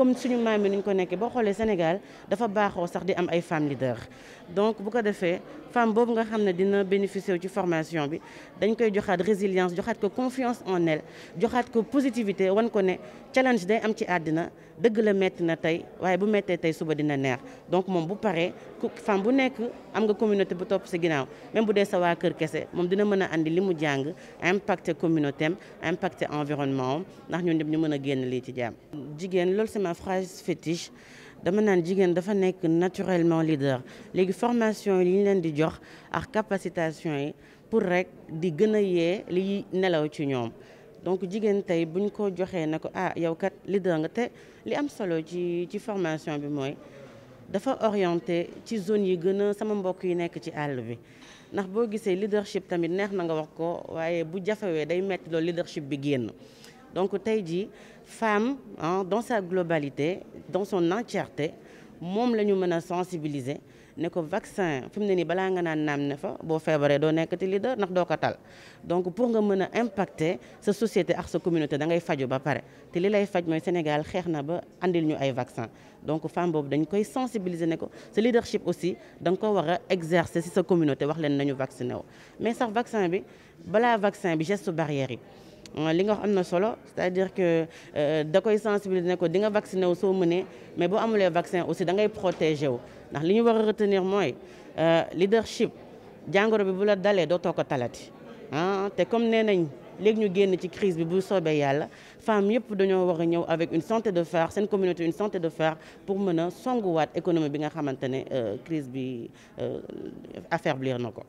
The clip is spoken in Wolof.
comme suñu maam niñ ko nekkee boo xolé Sénégal dafa baxo sax di am ay femme leader donc bu ko defee femme bobu nga xamné dina bénéficier ci formation bi dañ koy joxat résilience joxat ko confiance en elle joxat ko positivité wan ko né challenge day am ci àddina deug la metti na tay waye bu metté tay suba dina neex donc mom bu paré femme bu nekk am nga communauté bu top ci ginaaw même bu dé sa wa kër kessé mom dina mëna andi limu jang jàng impacté communauté am impacté environnement ndax ñun ñëpp ñu mëna a génn lii ci jàmm jigéen loolu ma phrase fétiche dama naan jigéen dafa nek naturellement leader Légui formation yi li ñu leen di jox ak capacitation yi pour rek di gëna yé li nelaw ci ñom. donc Jigen tay buñ ko joxé na ah yow kat leader nga té li am solo ci ci formation bi moy dafa orienté ci zone yi gëna sama mbokk yi nek ci all bi ndax bo gisee leadership tamit neex na nga wax ko wayé bu jafawé day metti loolu leadership bi génn donc tey jii femme hein, dans sa globalité dans son entièreté moom la ñu mën a sensibiliser ne vaccin fi mu ne nii balaa nga naan naam ne fa boo feebaree doo nekkati leader ndax doo ko tal donc pour nga mën impacter sa société ak sa communauté da ngay faju ba pare te li lay faj Sénégal xeex na ba andil ñu ay vaccin donc femme boobu dañ koy sensibiliser ne ko leadership aussi da nga ko war exercer si sa communauté wax leen nañu vacciné wu mais sax vaccin bi balaa vaccin bi geste barrière yi euh, li nga wax am na solo c'est-à-dire que euh, da koy sensibiliser ne ko di nga vacciné wu soo mënee mais bu amulee vaccin aussi da ngay protégé wu ndax li ñu war a retenir mooy euh, leadership jàngoro bi bu la dalee dootoo ko talati ah te comme nee nañ léegi ñu génn ci crise bi bu soobee yàlla femme yëpp dañoo war a ñëw avec une santé de faire, seen communauté une santé de faire pour mën a songuwaat économie bi nga xamante ne crise bi affaiblir na ko